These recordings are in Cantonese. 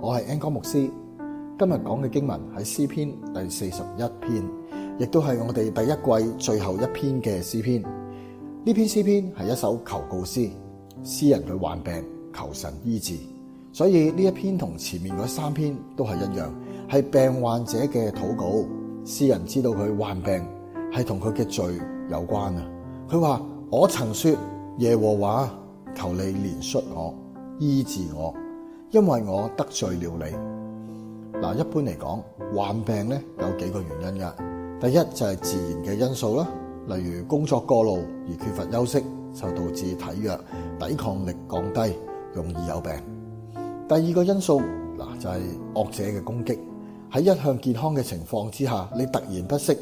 我係安哥牧師，今日講嘅經文喺詩篇第四十一篇，亦都係我哋第一季最後一篇嘅詩篇。呢篇詩篇係一首求告詩，詩人佢患病求神醫治，所以呢一篇同前面嗰三篇都係一樣，係病患者嘅禱告。詩人知道佢患病係同佢嘅罪有關啊。佢話：我曾說耶和華，求你憐恤我，醫治我。因為我得罪了你。嗱，一般嚟講，患病咧有幾個原因㗎。第一就係、是、自然嘅因素啦，例如工作過勞而缺乏休息，就導致體弱、抵抗力降低，容易有病。第二個因素嗱就係、是、惡者嘅攻擊。喺一向健康嘅情況之下，你突然不適，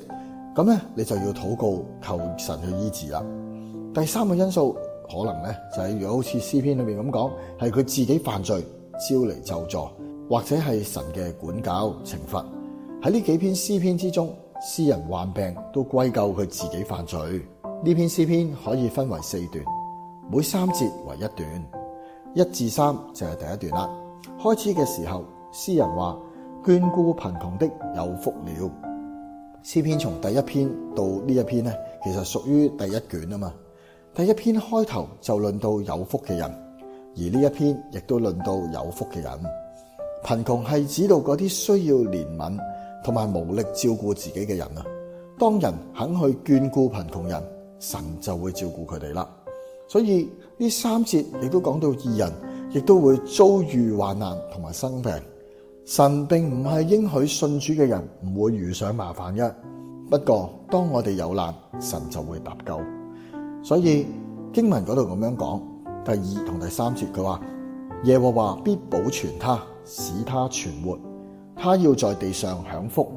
咁咧你就要禱告求神去醫治啦。第三個因素可能咧就係、是，如果好似詩篇裏面咁講，係佢自己犯罪。招嚟咒詛，或者係神嘅管教、懲罰。喺呢幾篇詩篇之中，詩人患病都歸咎佢自己犯罪。呢篇詩篇可以分為四段，每三節為一段。一至三就係第一段啦。開始嘅時候，詩人話：眷顧貧窮的有福了。詩篇從第一篇到呢一篇呢，其實屬於第一卷啊嘛。第一篇開頭就論到有福嘅人。而呢一篇亦都論到有福嘅人。貧窮係指到嗰啲需要憐憫同埋無力照顧自己嘅人啊。當人肯去眷顧貧窮人，神就會照顧佢哋啦。所以呢三節亦都講到義人亦都會遭遇患難同埋生病。神並唔係應許信主嘅人唔會遇上麻煩嘅。不過當我哋有難，神就會搭救。所以經文嗰度咁樣講。第二同第三節，佢話耶和華必保存他，使他存活，他要在地上享福。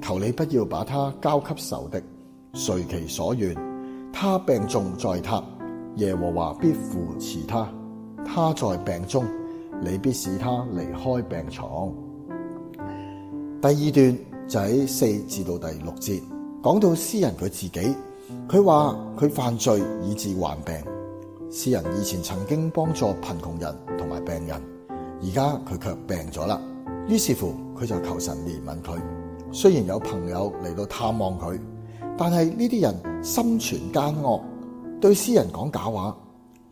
求你不要把他交給仇敵，隨其所願。他病重在榻，耶和華必扶持他。他在病中，你必使他離開病床。第二段就喺四至到第六節，講到詩人佢自己，佢話佢犯罪以致患病。詩人以前曾經幫助貧窮人同埋病人，而家佢卻病咗啦。於是乎，佢就求神憐憫佢。雖然有朋友嚟到探望佢，但係呢啲人心存奸惡，對詩人講假話，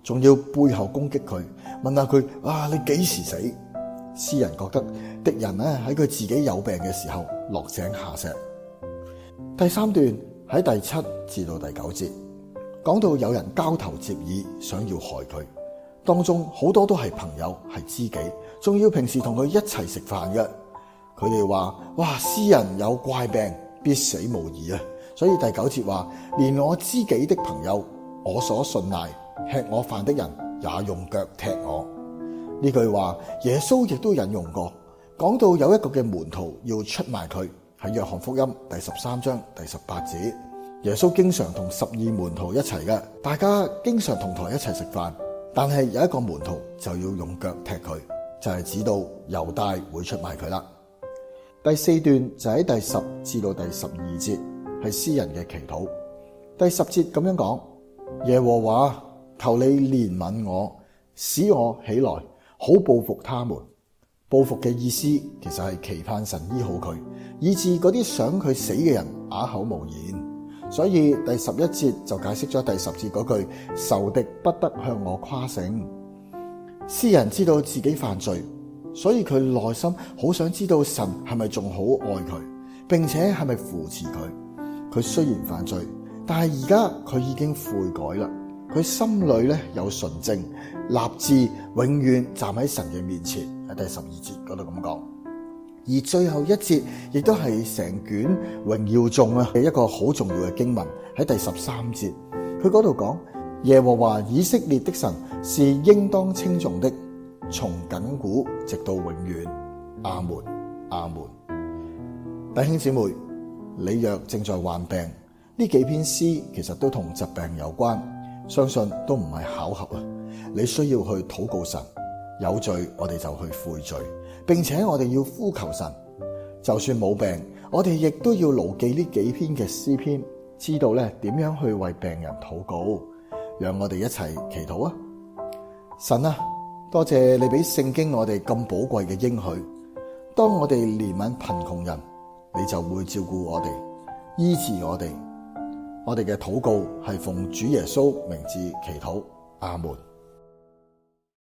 仲要背後攻擊佢，問下佢：啊，你幾時死？詩人覺得敵人咧喺佢自己有病嘅時候落井下石。第三段喺第七至到第九節。講到有人交頭接耳，想要害佢，當中好多都係朋友，係知己，仲要平時同佢一齊食飯嘅。佢哋話：哇，詩人有怪病，必死無疑啊！所以第九節話，連我知己的朋友，我所信賴、吃我飯的人，也用腳踢我。呢句話，耶穌亦都引用過，講到有一個嘅門徒要出賣佢，喺約翰福音第十三章第十八節。耶穌經常同十二門徒一齊嘅，大家經常同台一齊食飯。但係有一個門徒就要用腳踢佢，就係、是、指到猶大會出賣佢啦。第四段就喺第十至到第十二節係詩人嘅祈禱。第十節咁樣講：耶和華求你憐憫我，使我起來好報復他們。報復嘅意思其實係期盼神醫好佢，以致嗰啲想佢死嘅人啞、呃、口無言。所以第十一節就解釋咗第十節嗰句「仇敵不得向我誇勝。」詩人知道自己犯罪，所以佢內心好想知道神係咪仲好愛佢，並且係咪扶持佢。佢雖然犯罪，但係而家佢已經悔改啦。佢心裏咧有純正，立志永遠站喺神嘅面前。喺第十二節嗰度咁講。而最後一節亦都係成卷榮耀頌啊，一個好重要嘅經文喺第十三節。佢嗰度講，耶和華以色列的神是應當稱頌的，從亙古直到永遠。阿門，阿門。弟兄姊妹，你若正在患病，呢幾篇詩其實都同疾病有關，相信都唔係巧合啊！你需要去禱告神。有罪，我哋就去悔罪，並且我哋要呼求神。就算冇病，我哋亦都要牢記呢幾篇嘅詩篇，知道咧點樣去為病人禱告。讓我哋一齊祈禱啊！神啊，多謝你俾聖經我哋咁寶貴嘅應許。當我哋憐憫貧窮人，你就會照顧我哋，醫治我哋。我哋嘅禱告係奉主耶穌名字祈禱。阿門。